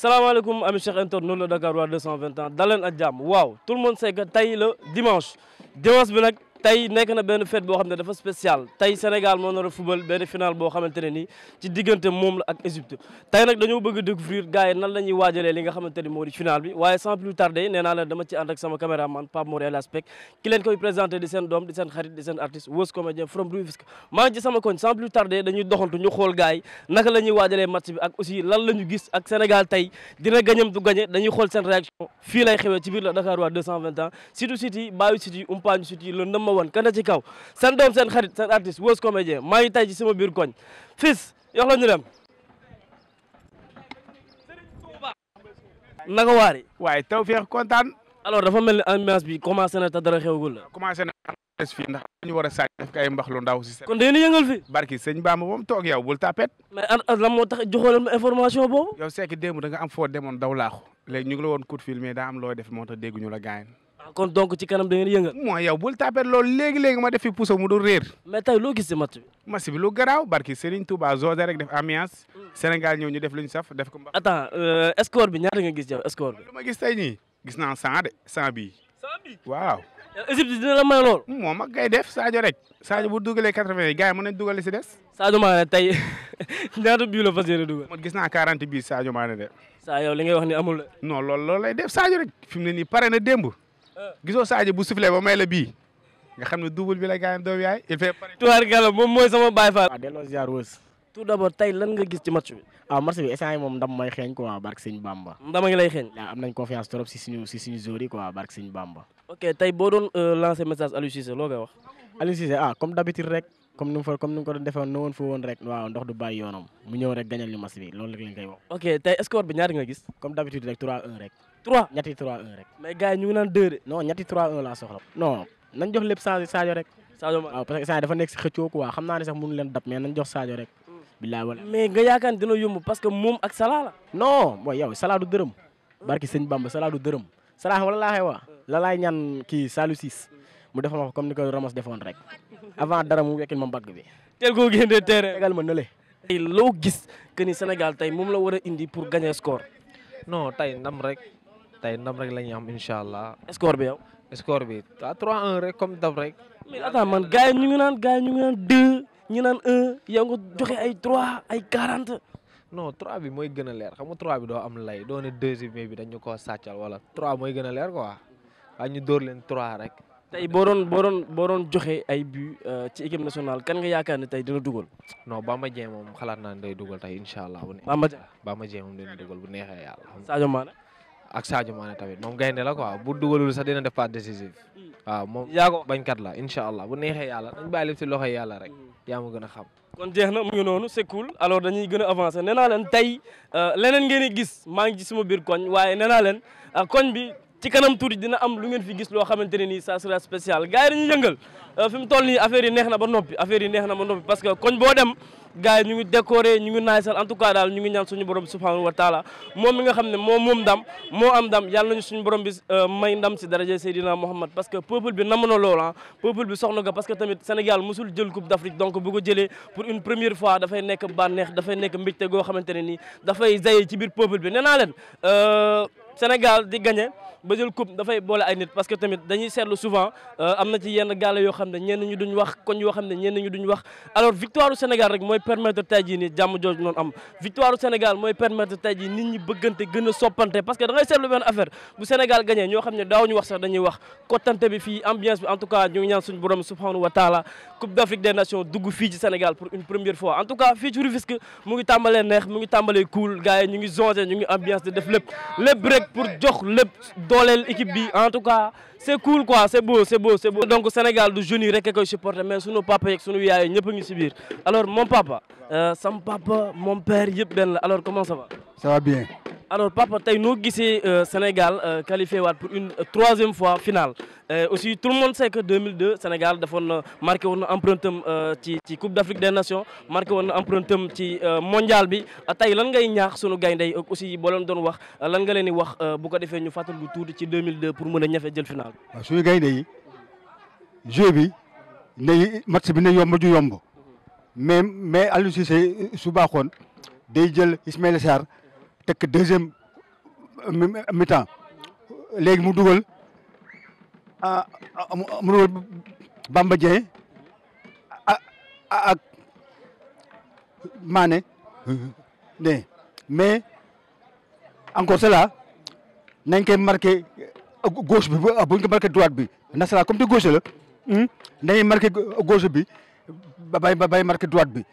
salaamaaleykum ami Cheikh nous le Dakar 220 ans. ans. Adjam, wow, tout le monde sait que taille le dimanche dimanche tey nekk na benn fête boo xam ne dafa spécial tey Sénégal moo nar a benn final boo xamante ne nii ci diggante moom la ak Égypte tey nag dañoo bëgg découvrir gars naka la ñuy match bi ak aussi lan la gis ak Sénégal tey dina gañam du gañe dañuy xool seen réaction fii lay xewee ci biir la Dakar waa 221 Sitou Siti baayu Siti umpaañu Siti ma woon ci kaw sant doom seen xarit seen artiste Weuz Comédien maa ngi tey ci sama biir koñ fils yox la ñu dem naka waari waaye taw feex kontaan alors dafa mel ni ambiance bi commencé na te dara xewagul la commencé na fii ndax dañu war a sàcc def ay mbax lu ndaw si kon dañu yëngal fi barki sëñ Bamba moom toog yow bul tapet mais an lan moo tax joxoolal ma information boobu yow seek démb da nga am foo demoon daw laaxu léegi ñu la woon coup de fil daa am looy def moo tax dégguñu la gaayen Ah, kon donc ci kanam da ngeen yëngal mooy yow bul tapet loolu léegi-léegi ma defi puso mu dul réer mais gis match bi match bi lu garaaw barki Serigne Touba José rek def ambiance hmm. Sénégal ñëw ñu def lu saf def ko mbax attends euh, score bi ñaata nga gis yow score bi lu ma gis tey nii gis naa cent de cent bii cent waaw dina la may def Sadio rek Sadio bu dugalee quatre-vingt yi gars yi mën nañ dugale si des Sadio Mané tey ñaata bii la fas yéene dugal man gis naa Sadio de yow li ngay wax ni amul non loolu def Sadio rek fi mu ne na gisoo Sadio bu sifflé ba may la bii nga xam ne double bi la gaayam doom yaay ah, tout d'abord tey lan nga gis ci match bi waaw ah, match bi essant yi moom ndam may xeeñ quoi barke sëñ Bamba ndam a ngi lay xeeñ waaw am nañ confiance trop si suñu si suñu joueurs yi quoi barke sëñ ok tey boo doon euh, lancer message Aliou Cissé loo wax Aliou ah comme d'habitude rek comme ni mu fa comme ni mu ko doon defee woon na woon fa woon rek waaw ndox du bàyyi yoonam mu ñëw rek gañal ñu match bi loolu rek lañ 3 ñatti 3 1 rek mais gaay ñu ngi naan 2 de non ñatti 3 1 la soxla non nañ jox lépp Sadio Sadio rek Sadio waaw parce que Sadio dafa nekk ci xëccoo quoi xam naa sax mënu leen dab mais nañ jox Sadio rek billahi wala mais nga yaakaar dina yomb parce que moom ak Salah la non mooy yow Salah du dërëm barki sëñ Bamba Salah du dërëm Salah wala laa xay waa la laay ñaan kii Salou Ciss mu defal ko comme ni ko Ramos defoon rek avant dara mu wekkil ma mbagg bi tel ko génne terrain tegal ma nële loo gis que ni Sénégal tey moom la war indi pour gagner score non tey ndam rek tey ndam rek la ñuy am incha allah. score bi yow. score bi ah 3-1 rek comme dab rek. mais attends man gars yi ñu ngi naan gars yi ñu ngi naan 2 ñu naan 1 yow nga joxe ay 3 ay 40. non 3 bi mooy gën a leer xam nga 3 bi doo am lay doo ne 2 bi dañu koo sàccal wala 3 mooy gën a leer quoi waaye ñu dóor leen 3 rek. tey boo doon boo doon boo doon joxe ay but euh, ci équipe nationale kan nga yaakaar ne tey dina dugal. non Bamba Dieng moom xalaat naa ne day dugal tey incha allah. Bamba Dieng Bamba Dieng moom dina dugal bu neexee yàlla. Sadio Mané. ak Sadio Mané tamit moom gaynde la quoi bu dugalul sax dina def passe décisive waaw moom yaa ko bañkat la incha allah bu neexee yàlla dañ bàyyi lépp si loxoy yàlla rek mm. yaa ma gën a xam. kon jeex na mu ngi noonu c'est alors dañuy gën a avancer nee leen tey euh, leneen ngeen gis maa ngi ci suma koñ waaye nee naa leen euh, koñ bi ci kanam tour dina am lu ngeen fi gis lo xamanteni ni ça sera spécial gaay dañu dañuy yëngal euh, fi mu toll ni affaire yi neexna ba nopi affaire yi neexna na nopi parce que koñ bo dem gaay ñu ngi décorer ñu ngi naysal en tout cas dal ñu ngi ñaan suñu borom subhanahu wa taala mom mi nga xamne mom dam mo am dam yalla nañu suñu borom bi euh, may ndam ci daraja sayidina muhammad parce que peuple bi namono lool hein ah. peuple bi soxna nga parce que tamit Sénégal musul jël coupe d'Afrique donc bu ko jëlé pour une première fois fay nekk da fay nekk mbégte go xamanteni ni dafai fay zayé ci bir peuple bi nena len euh Sénégal di gagner ba jël coupe dafay boole ay nit parce que tamit dañuy seetlu souvent euh, am na ci yenn gaale yoo xam ne ñenn ñu duñ wax koñ yoo xam ne ñenn ñu duñ wax alors victoire du Sénégal rek mooy permettre de jii nii jàmm jooju am victoire du Sénégal mooy permettre de jii nit ñi bëggante gën a soppante parce que da ngay seetlu benn affaire bu Sénégal gagné ñoo xam ne daawuñu wax sax dañuy wax kottante bi fii ambiance en tout cas ñu ngi ñaan suñu borom subhanahu wa taala coupe d'Afrique des nations dugg fii ci Sénégal pour une première fois en tout cas fii ci Rufisque mu ngi tàmbalee neex mu ngi tàmbalee cool gars yi ñu ngi zonge ñu ngi ambiance di def lépp lépp rek pour jox lépp l'équipe bi en tout cas c'est cool quoi c'est beau c'est beau c'est beau. donc au Sénégal du jeunes rek koy supporter mais sunu papa yeeg sunu yaay ñepp a ngi alors mon papa. Euh, sam papa mon père yeb ben la alors comment ça va ça va bien. alors papa tey noo gisee euh, Sénégal euh, qualifié waat pour une euh, troisième fois finale aussi tout le monde sait que 2002 Sénégal a marqué woon na empruntam ci ci Coupe d'Afrique des Nations marqué woon na empruntam ci mondial bi ah, tey lan ngay ñaax sunu gaynde yi aussi boo leen doon wax lan nga leen di wax bu ko defee ñu fàttaliku tuuti ci 2002 pour mën a ñafe jël finale. waaw suñu gaynde yi jeu bi ne match bi ne yomb ju mais mais Aliou Cissé su baaxoon day jël Ismaïla Sarr. tekk deuxième euh, mi-temps léegi mu dugal ah, ah mu dugal Bamba Dieng ah, ah, ak Mané ne mais encore cela nañ koy marqué euh, gauche bi buñ ko marqué droite bi na cela comme te gauche la hmm? nañuy marqué gauche bi ba bay marqué droite bi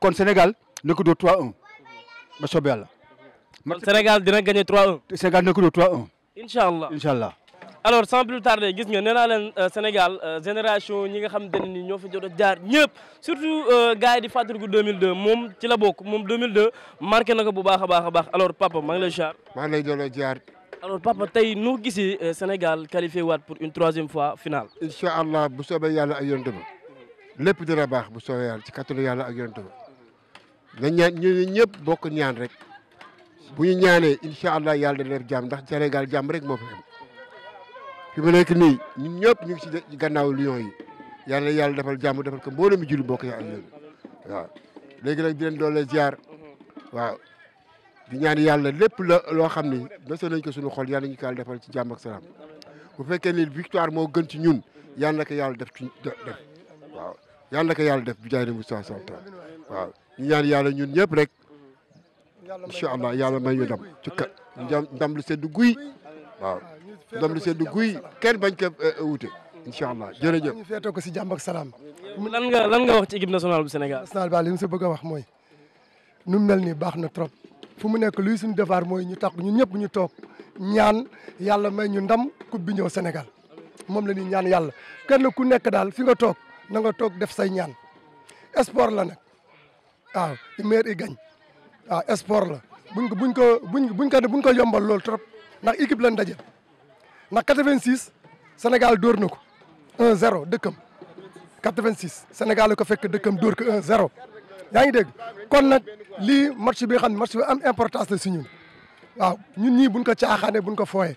kon Sénégal ne ko dóor 3-1 ba soobee yàlla Le Sénégal dina gagner 3-1. Sénégal dina ko 3-1. Inshallah. Inshallah. alors sans plus tarder gis nga nee naa leen euh, Sénégal euh, génération ñi nga xamante ne ni ñoo fa le jaar ñëpp surtout euh, gars yi di 2002 moom ci la bokk 2002 marqué na bu baax a baax alors papa maa ngi lay jaar. maa ngi lay doon jaar. alors papa nous nu gisee Sénégal qualifié waat pour une troisième fois finale. Inshallah, allah bu soobee yàlla ak yonent ba lépp dina baax bu soobee yàlla ci kattanu yàlla ak yonent ba na ñaan bokk ñaan rek. bu ñu ñaanee incha allah yàlla dana def jàmm ndax Sénégal jàmm rek moo fa fi mu nekk nii ñun ñëpp ñu ngi ci gannaaw Lions yi yàlla yàlla defal jàmm defal ko mbooloo mi julli bokk yi ak yéen waaw léegi nag di leen doole ziar waaw di ñaan yàlla lépp la loo xam ni desoon nañ ko suñu xol yàlla ñu ko yàlla ci jàmm ak salaam bu fekkee ni victoire moo gën ci ñun yàlla na ko yàlla def ci def waaw yàlla def bi jaay waaw ñu ñaan yàlla ñun ñëpp rek. incha allah yàlla may ñu ndam ci kat ndam lu sedd guy waaw ndam lu sedd guy kenn bañ ko eh, wute incha allah jërëjëf. ñu feetoo ko si jàmm ak salaam. lan nga lan nga wax ci équipe nationale bu Sénégal. nationale ba li mu si bëgg wax mooy nu mel nii baax na trop fu mu nekk luy suñu devoir mooy ñu tax ñun ñëpp ñu toog ñaan yàlla may ñu ndam coupe bi ñëw moom la ñuy ñaan yàlla kenn ku nekk daal fi nga toog na nga toog def say ñaan sport la nag waaw meilleur yi Ah, sport la buñ ko buñ ko buñ ko buñ ko yombal loolu trop ndax équipe lañ daje ndax 86 Sénégal dóor na 1-0 dëkkam 86 Sénégal ko fekk dëkkam dóor ko 1-0 yaa ngi dégg kon nag lii match bi xam ne match bi am importance la si ñun waaw ñun ñii buñ ko caaxaane buñ ko fooye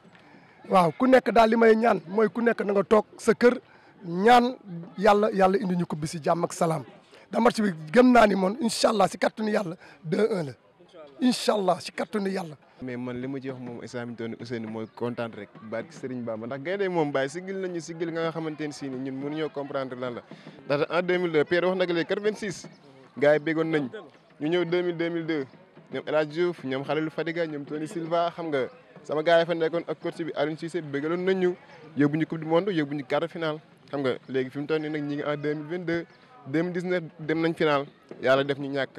waaw ku nekk daal li may ñaan mooy ku nekk na nga toog sa kër ñaan yàlla yàlla indi ñu ko bi si jàmm ak salaam da match bi gëm naa ni moom incha allah si kattanu yàlla 2-1 la. si kattanu yàlla. mais man li ma ci wax moom islam toon Ousseynou mooy kontaan rek barke Serigne Bamba ndax gaynde moom Baye sigil nañu sigil nga nga xamante ne sii ñun mënuñoo comprendre lan la ndax en 2002 Pierre wax na ko léegi 86. gars yi béggoon nañ ñu ñëw 2000 2002 ñoom El Hadj ñoom Khalilou Fadiga ñoom Tony Silva xam nga sama gars fa nekkoon 2019 dem nañ final yàlla def ñu ñàkk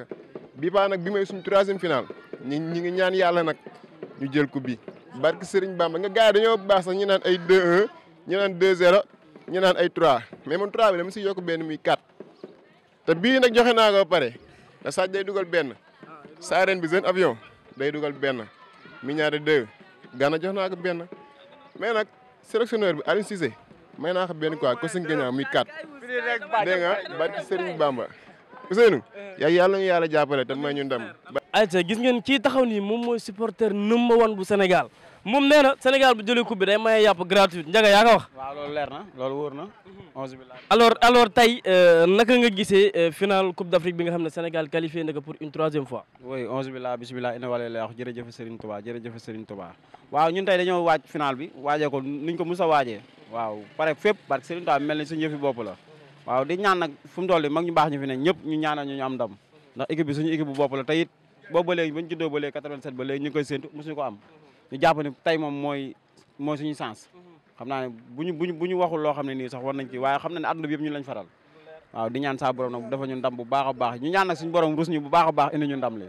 bi baa nag bi may suñ troisième final ñu ñi ngi ñaan yàlla nag ñu jël ko bi barke baam ba nga gars yi dañoo baax sax ñu naan ay 2-1 ñu naan 2-0 ñu naan ay 3 mais man 3 bi dama si yokk benn muy 4 te bii nag joxe naa ko ba pare da Sadji day dugal benn saareen bi seen avion day dugal benn mi ñaari 2 gana jox naa ko benn mais nag sélectionneur bi Aliou Cissé may naa xam benn quoi coaching gagnant muy 4 dégg nga barki Serigne Bamba Ousseynou ya yàlla nga yàlla jàppale te may ñu ndam ayca gis ngeen kii taxaw nii supporter number one bu senegal moom nee senegal bu jëlee coupe bi day maye yàpp gratuite Ndiaga yaa ko wax waaw loolu leer na loolu wóor na alors alors euh, naka nga euh, final coupe d' Afrique bi nga xam ne Sénégal qualifié na Woi pour une troisième fois oui onze billah bismillah ina wala la wax jërëjëf Serigne Touba jërëjëf Serigne Touba waaw ñun tey dañoo waaj final bi waajee ko nuñ ko mos a waaw pare fépp parce que Serigne Touba mel ni suñu yëfi bopp la waaw di ñaan nag fu mu toll mag ñu baax ñu fi ne ñëpp ñu ñaana ñu ñu am ndam ndax équipe bi suñu équipe bu bopp te it boobu ba léegi ba ñu juddoo ñu ngi koy séntu mosuñu ko am ñu jàpp tey moom mooy mooy suñu sens xam naa ne bu ñu bu loo xam ne nii sax war nañ ci waaye xam na ne àdduna bi yëpp ñu lañ faral waaw di ñaan saa nag dafa ñu ndam bu baax a baax ñu ñaan nag suñu borom rus ñu bu baax baax indi ñu ndam li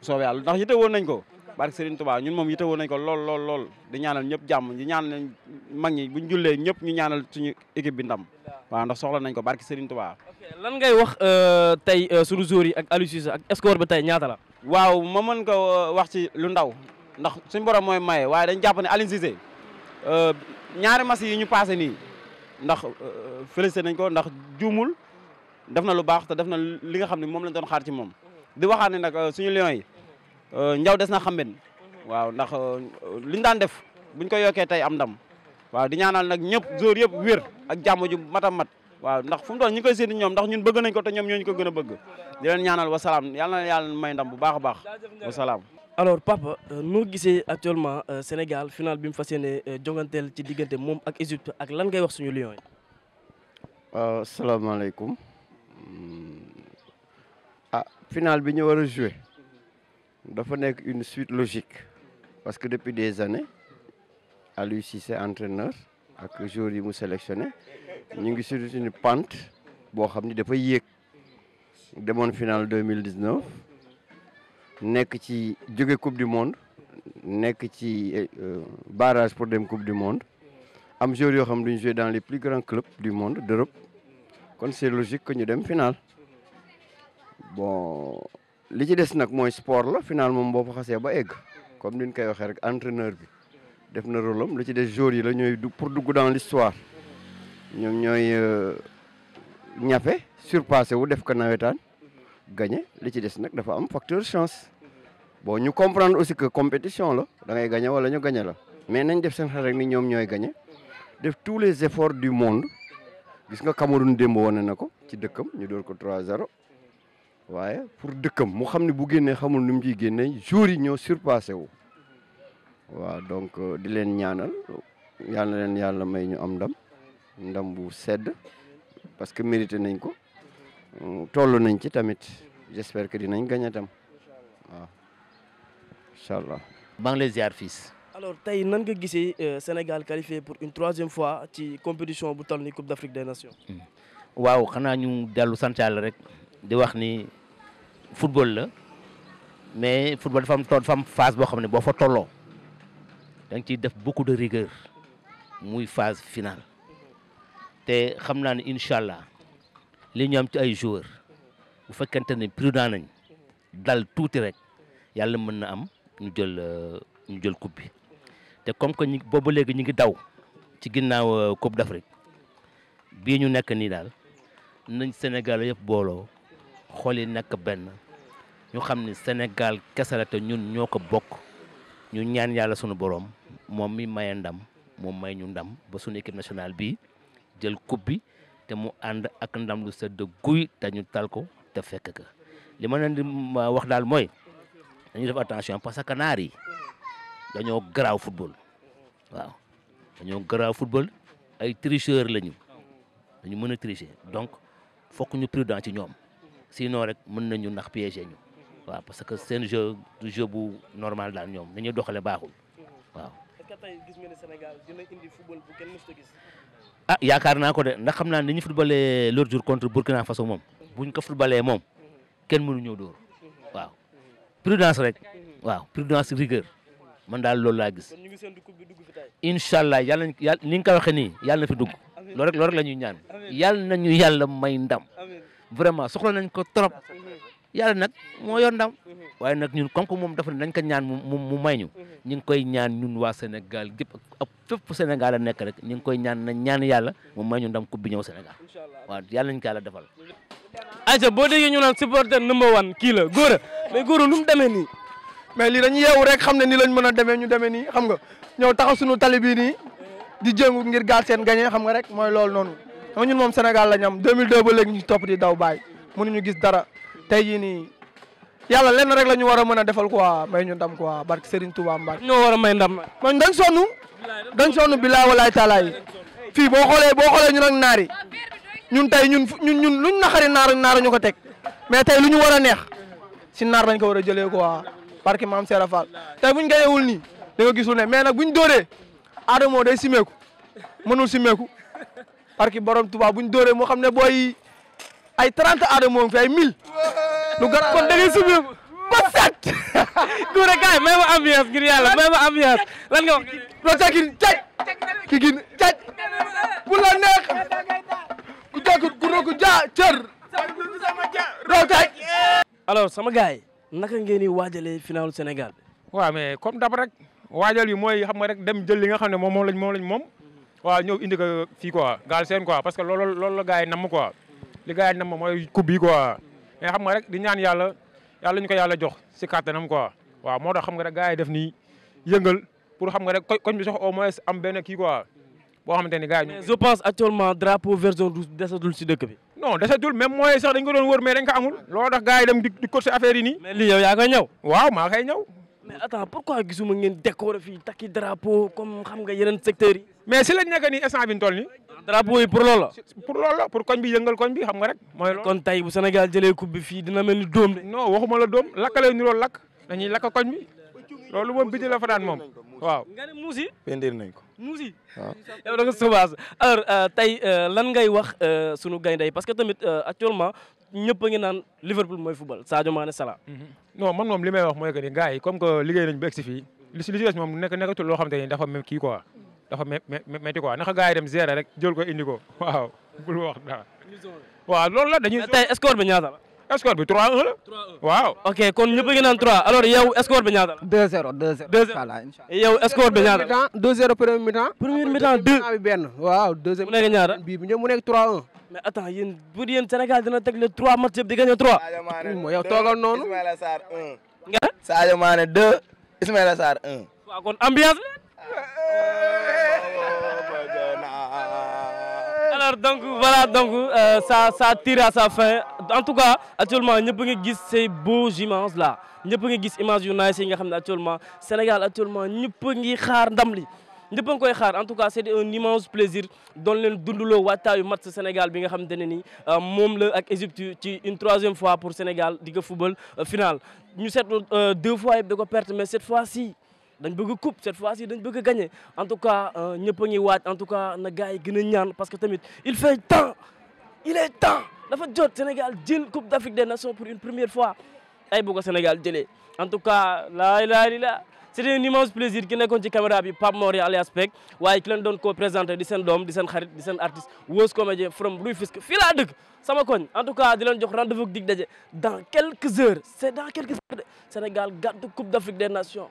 soobee ndax yite woon na ko barke Serigne Touba ñun moom yitewoo nañ ko lool lool lool di ñaanal ñëpp jàmm di ñaanal mag ñi buñ jullee ñëpp ñu ñaanal suñu équipe bi ndam waaw ndax soxla nañ ko barke Serigne Touba. ok lan ngay wax euh, tey euh, suñu joueurs yi ak Aliou Cissé ak score bi tey ñaata la. waaw ma mën ko euh, wax ci lu ndaw ndax suñu borom mooy maye waaye dañ jàpp ne Aliou Cissé ñaari match yi ñu paase nii ndax félicité nañ ko ndax juumul def na lu baax te def na li nga xam ne moom lañ doon xaar ci moom di waxaat ne nag suñu Lions yi. Euh, njaw des na xam waaw ndax euh, liñ daan def buñ koy yokkee tey am ndam waaw di ñaanal nag ñëpp jour yëpp wér ak jàmm ju mat a mat waaw ndax fu mu toll ñu koy séntu ñoom ndax ñun bëgg nañ ko te ñoom ñoo ñu ko gën a bëgg di leen ñaanal wasalaam yàlla na yàlla may ndam bu baax a baax wasalaam. alors papa euh, noo gisee actuellement Sénégal final bi mu fas yéene jonganteel ci diggante moom ak Égypte ak lan ngay wax suñu Lions yi. waaw hmm. ah, bi ñu war a dafa une suite logique parce que depuis des années à Aliou Cissé entraîneur ak joueurs yi m'a sélectionné nous ngi sur une pente Bon xam depuis hier, de mon finale 2019, mille que neuf nekk ci coupe du monde que ci euh, barrage pour dem coupe du monde am joueurs yoo xam ne dans les plus grands clubs du monde d'Europe Quand c'est logique que ñu dem finale bon. li ci dess nak moy sport la finalement moom fa xasse ba egg comme niñ koy waxe rek entraîneur bi def na rôle am li ci dess jour yi la ñoy pour dugg dans l'histoire ñom ñoy euh, ñafé surpassé wu def ko nawétane gagné li ci dess nak dafa am facteur chance bo ñu comprendre aussi que compétition la da ngay gagné wala ñu gagné la mais nañ def sen xel rek ni ñom ñoy gagné def tous les efforts du monde gis nga Cameroun dembo wane na ci dëkkam ñu door ko 3-0. waaye pour dëkkam mu xam ne bu génnee xamul nu mu ciy génnee jours yi ñoo surpassé wu. waaw donc euh, di leen ñaanal yal leen yàlla may ñu am ndam ndam bu sedd parce que mérité nañ ko mm, toll nañ ci tamit j'espère que dinañ gañ a tam waaw incha allah. maa ngi lay alors tey nan nga gisee euh, Sénégal qualifié pour une troisième fois ci compétition bu toll ni Coupe d'Afrique des Nations. Mm. waaw xanaa ñu dellu sant yàlla rek di wax ni football la mais football dafa am dafa am boo xam ne boo fa tolloo da nga ciy def beaucoup de rigueur muy phase finale te xam naa ne incha allah li ñu am ci ay joueurs bu fekkente ne prudent nañ dal tuuti rek yàlla mën na am ñu jël euh, ñu jël coupe te comme que ñu boobu léegi ñu ngi daw ci ginnaaw euh, Coupe d'Afrique bii ñu nekk nii daal nañ Sénégal yëpp booloo. xool yi nekk benn ñu xam ni Sénégal kese te ñun ñoo ko bokk ñu ñaan yàlla sunu borom moom mi maye ndam moom may ñu ndam ba sunu équipe nationale bi jël coupe te mu ànd ak ndam lu sedd guy te ñu tal ko te fekk ka li ma leen di wax daal mooy dañuy def attention parce que naar yi dañoo garaw football waaw dañoo garaaw football ay tricheur lañu dañu mën a tricher donc fokk ñu prudent ci ñoom. sinon rek mën nañu ndax piéger ñu waaw parce que seen jeu du jeu bu normal daal ñoom ni ñuy doxalee baaxul ah yaakaar naa ko de ndax xam naa ni ñu footballee l'autre jour contre Burkina Faso moom. buñ ko footballee moom. kenn mënu ñëw dóor. waaw prudence rek. waaw prudence rigueur. man daal loolu gis. kon ñu ngi seen coupe bi dugg fi tey. incha allah yàlla nañ yàlla ni nga ko waxee nii yàlla na fi dugg. loolu rek loolu rek ñaan. yàlla nañu yàlla may ndam. vraiment soxla nañ ko trop yàlla nag moo yor ndam waaye nag ñun comme que moom dafa nañ dañ ko ñaan mu mu may ñu ñu ngi koy ñaan ñun waa Sénégal gépp ak fépp Sénégal a nekk rek ñu ngi koy ñaan nañ ñaan yàlla mu may ñu ndam coupe bi ñëw Sénégal waaw yàlla nañ ko yàlla defal. ayca boo déggee ñu naan supporter number one kii la góor a mais góor a mu demee nii. mais lii dañu yeewu rek xam ne nii lañ mën a demee ñu demee nii xam nga ñëw taxaw suñu tali bii nii di jëngu ngir gaal seen gañe xam nga rek mooy loolu noonu. xam ñun moom Sénégal la ñam 2002 ba léegi ñu topp di daw bàyyi ñu gis dara tey jii nii yàlla lenn rek la ñu war a mën a defal quoi may ñu ndam quoi barke Serigne Touba Mbacke. ñoo war a may ndam nag. man dañ sonn dañ sonn bilaay walaay taalaay fii boo xoolee boo xoolee ñun ak naar ñun tey ñun ñun ñu luñ naxari naar naar ñu ko teg mais tey lu ñu war a neex si naar dañ ko war a jëlee quoi barke maam Serap Fall tey buñ gañewul nii da nga gisul ne mais nag buñ dóoree Adamo day simeeku mënul simeeku. parki borom Touba bu ñu dóoree moo xam ne booy ay 30 aadama moom fi ay 1000. lu gar kon da ngay subi set. Gora kaay may ma ambiance ngir yàlla may ma ambiance lan nga wax. loo teggin caj. kigin caj. bu la neex. ku tegut ku rëgg jaa cër. doo taj. sama gars yi naka ngeen di waajalee finalu Sénégal. waaw mais comme dab rek waajal yi mooy xam nga rek dem jël li nga xam ne moom moom lañ moom lañ moom. waaw ñëw indi ko fii quoi Galsen quoi parce que loolu loolu la gars yi namm quoi li gars yi namm mooy coupe bi quoi xam nga rek di ñaan yàlla yàlla ñu ko yàlla jox si kàttanam quoi waaw moo tax xam nga rek gars yi def nii yëngal pour xam nga rek koñ bi sax au moins am benn kii quoi boo xamante ni gars yi. mais je pense actuellement drapeau version douce desatul si dëkk bi. non desatul même mooy sax dañ ko doon wër mais dañ ko amul. looloo tax gars yi dem di di cote si affaire yi nii. yaa koy ñëw. mais attends pourquoi gisuma ngeen décorer fii takki drapeau comme xam nga yeneen secteurs yi. mais si lañ nekk nii instant bi ñu toll nii. drapeau yi pour loolu la. pour loolu la pour koñ bi yëngal koñ bi xam nga rek. mooy loolu kon tey bu Sénégal jëlee coupe bi fii dina mel ni dóom de. non waxuma lakk lay niroon lakk dañuy lakk koñ bi loolu moom biti la fa moom waaw. nga ko. Euh, tey euh, lan ngay wax euh, sunu gaynde yi parce que tamit actuellement ñëpp a ngi naan Liverpool mooy football Sadio Mané Salah. Mhm. non man moom li may wax mooy que ni gars yi comme que liggéey nañu ba egsi fii li si li si des moom nekk nekkatul loo xamante ni dafa même kii dafa métti quoi naka gars yi dem gérer rek jël ko indi ko waaw bul wax dara. waaw loolu la dañuy. tey score bi ñaata score bi 3-1 la. 3-1 waaw. ok kon ñëpp ngi naan 3 alors yow score bi ñaata la. 2-0 2-0. 2 premier mi premier mi-temps 2. bi benn waaw deuxième. mu mu nekk 3-1. mais attends yéen bu yéen Sénégal dina teg le 3 match yëpp di gagné 3. mooy noonu. Ismaïla Sarr 1. nga. Sadio Mané 2 Ismaïla ambiance la. alors donc voilà donc euh, ça ça tire à fin. en tout cas actuellement nous pouvons gis ces beaux images là Nous pouvons gis image yu nice nga xam actuellement Sénégal actuellement nous pouvons xaar ndam li pouvons a koy en tout cas c'est un immense plaisir le Dundulo dundaloo du match Sénégal bi nga xamante ne ni euh, moom ak Égypte une troisième fois pour Sénégal di le football euh, final. ñu seetlu euh, deux fois yëpp ko mais cette fois ci dañ bëgg coupe cette fois ci dañ bëgg gagner en tout cas ñëpp a ngi en tout cas na gars yi parce que tamit il fait temps il est temps dafa jot Sénégal jël Coupe d'Afrique des Nations pour une première fois ay Sénégal jëlee en tout cas là, là, là. c'était un immense plaisir ki nekkoon ci caméra bi Pape Mor alias Pek waaye ki leen doon ko présenté di seen doom di seen xarit di seen artiste Weuss comédien from Rufisque fii laa Ça sama koñ en tout cas di leen jox rendez-vous dig dans quelques heures c'est dans quelques heures Sénégal la Coupe d'Afrique des Nations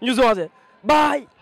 ñu songé bye